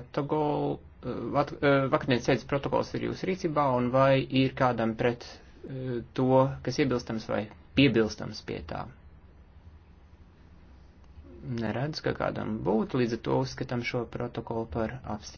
protokolu, eh, eh, vakardienas sēdes protokols ir jūsu rīcībā un vai ir kādam pret eh, to, kas iebilstams vai piebilstams pie tā. Neredz, ka kādam būtu, līdz ar to uzskatām šo protokolu par apstākļu.